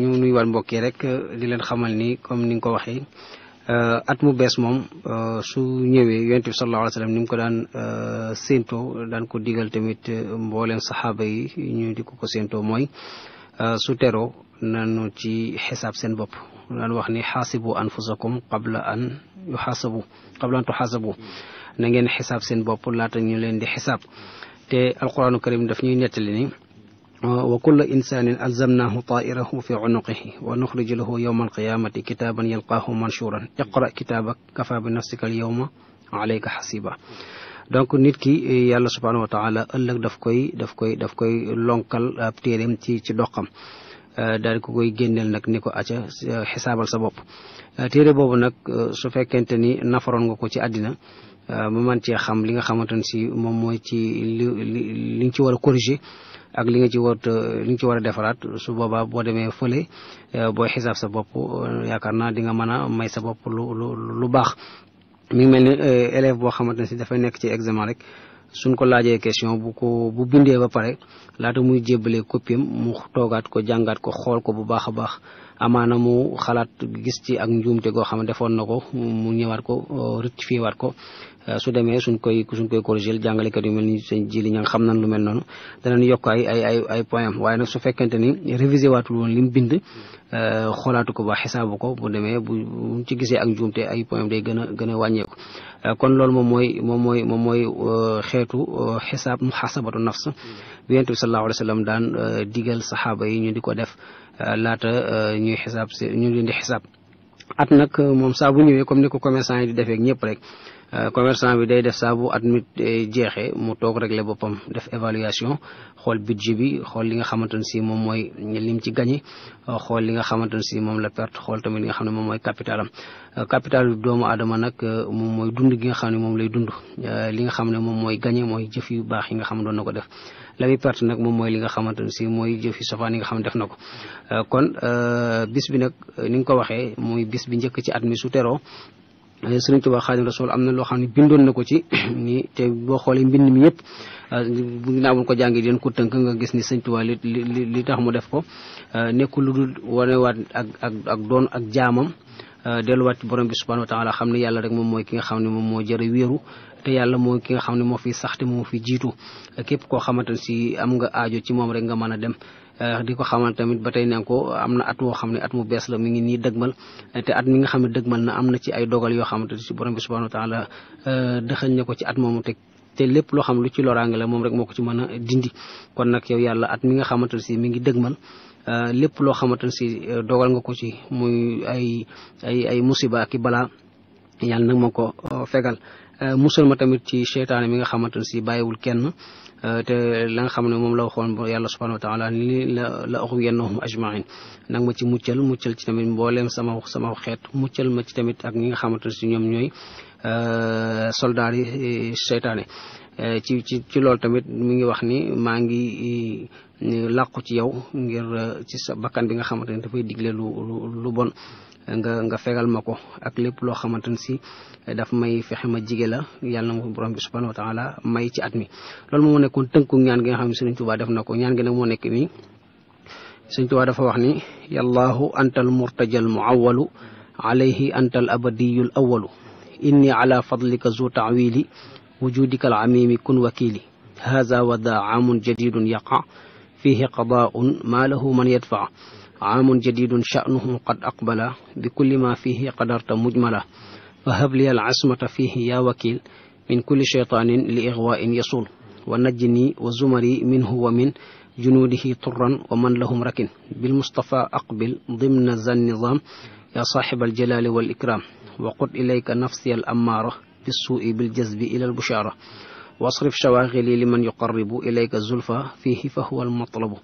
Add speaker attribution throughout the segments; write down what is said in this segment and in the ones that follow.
Speaker 1: ñu nuyuwaat mbokk yi rek di leen xamal ni comme ni nga ko waxee euh, at mu bees moom euh, su ñëwee yonent bi sallallahu alayhi wa sallam ni mu ko daan euh, séentoo daan ko diggal tamit mbooleem saxaaba yi ñu di ko ko séentoo mooy su tero nanu ci xisaab seen bopp daan wax ni xaasibu anfusakum qabla an yuxaasabu qabla na ngeen xisaab seen bopp laata ñu leen di xisaab te alquranu karim daf ñuy nettali ni آه، وكل إنسان ألزمناه طائره في عنقه ونخرج له يوم القيامة كتابا يلقاه منشورا اقرأ كتابك كفى بنفسك اليوم عليك حسيبا دونك نيت كي يالله سبحانه وتعالى ألك دفكوي دفكوي داف كوي داف كوي لونكال تيريم تي تي دوخم دار كوي генيل نك نيكو اتا حسابال سا بوب تيري بوبو نك سو فكنتني نفرون غوكو تي ادينا مومان تي خام ليغا خامتون سي موم موي تي لي نتي وارا كورجي ak li nga ci war li nga ci war a defaraat su boobaa boo demee fële euh, booy xisaab sa bopp euh, yaakaar naa di nga mën a may sa bopp lu lu lu baax mu ngi mel ni euh, élève boo xamante ne si dafay nekk ci examen rek suñ ko laajee question bu ko bu bindee ba pare laata muy jébbalee copie mu toogaat ko jàngaat ko xool ko bu baax a baax amaana mu xalaat gis ci ak njuumte goo xam ne defoon na ko mu ñëwaat ko rectifié waat ko euh, su demee suñ koy suñ koy corrigé jàngalekat yu mel ni seen jili ña nga xam nañ lu mel noonu danañ yokk ay ay ay ay point waaye nag su fekkente ni révisé waatul woon li mu bind euh, xoolaatu ko ba xisaabu ko bu demee bu ci gisee ak njuumte ay point day gën a gën a wàññeeku euh, kon loolu moom mooy moom mooy moom mooy xeetu xisaab muhasabatu nafs yonent bi sallallahu alayhi wa sallam daan euh, digal saxaaba yi ñu di ko def euh, laata euh, ñuy xisaab si ñu leen di xisaab at nag moom saabu ñëwee comme ni ko commerçant yi di defee ñëpp rek commerçant bi day def saa at mit jeexee mu toog le boppam def évaluation xool budget bi xool li nga xamante ne si moom mooy lim ci gagné xool li nga xamante ne si moom la perte xool tamit li nga xam ne moom mooy capitalam capital doomu aadama nag moom mooy dund gi nga xam ne moom lay dund li nga xam ne moom mooy gagné mooy jëf yu baax yi nga xam ne doon na ko def la muy perte nag moom mooy li nga xamante ne si mooy jëfi sofaan yi nga xam ne def na ko euh, kon euh, bis bi nag euh, ni nga ko waxee muy bis bi njëkk ci at mi su teroo Sëriñ Tuubaa Xaadimu Rasuul am na loo xam ne bindoon na ko ci ni te boo xoolee mbind mi yëpp ginnaaw bu ko jàngee di ko tënk nga gis ni Sëriñ Tuubaa li li tax mu def ko nekkul lu dul wanewaat ak ak ak doon ak jaamam Eh, delluwaat ci borom bi subhanahu wa taala xamni yalla rek mom moy ki nga xamni mom mo jere jëre te yalla moy ki nga xamni mo fi sax te moo fi jitu eh, kep ko xamante si am nga aajo ci mom rek nga mëna dem eh, diko ko xamal tamit batay tey nen ko am at wo xamni at mu bes la mi ngi ni dëgmal te at mi nga xamni ne na amna ci ay dogal yo xamante si borom bi subhanahu wa taala dëxañ na ko ci at moomu te te lépp lo xam lu ci lorang la mom rek moko ci mëna dindi kon nak yow yalla at mi nga xamante si mi ngi dëgmal Euh, lépp loo xamante ne si euh, dogal nga ko ci muy ay ay ay musiba ak i balaa yàlla nag ma ko euh, fegal musal ma tamit ci seytaane mi nga xamante ne si bàyyiwul kenn te la nga xam ne moom la waxoon yàlla subhanahu wa taala ni la la ughwiyannahum ajmain nag ma ci muccal muccal ci tamit mbooleem sama sama xeet muccal ma ci tamit ak ñi nga xamante ne si ñoom ñooy soldaar yi seytaane ci lool tamit mi ngi wax ni maa ngi ñu làqu ci yow ngir euh, ci sa bakkan bi nga xamante ne dafay digle lu lu bon nga nga fegal ma ko ak lépp loo xamante ne si daf may fexe ma jige la yàlla na ma borom bi subhanahu wa taala may ci at mi loolu moo nekkoon tënku ñaan gi nga xam ne Sëriñ Tuubaa def na ko ñaan gi nag moo nekk nii Sëriñ Tuubaa dafa wax ni yallaahu antal murtajal muawwalu alayhi antal abadiyul awwalu inni ala fadlika zu taawili wujudika al amimi kun wakili haza wada amun jadidun yaqa فيه قضاء ما له من يدفع عام جديد شأنه قد أقبل بكل ما فيه قدرت مجمله فهب لي العصمة فيه يا وكيل من كل شيطان لإغواء يصول ونجني وزمري منه ومن جنوده طرا ومن لهم ركن بالمصطفى أقبل ضمن ذا النظام يا صاحب الجلال والإكرام وقد إليك نفسي الأمارة بالسوء بالجذب إلى البشارة واصرف شواغلي لمن يقرب إليك زلفى فيه فهو المطلب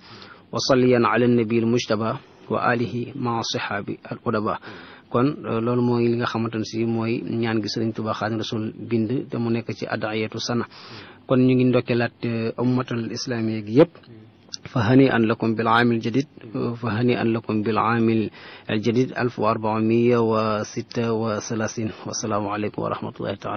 Speaker 1: وصليا على النبي المجتبى وآله مع صحابي الأدباء كون آه، لول موي ليغا خامتانسي موي نيان غي سيرن توبا خادم رسول بيند تا مو نيك سي ادعيه سنه كون نيغي ندوكلات آه، امه الاسلاميه غي ييب فهنيئا لكم بالعام الجديد آه، فهنيئا لكم بالعام الجديد 1436 والسلام عليكم ورحمه الله تعالى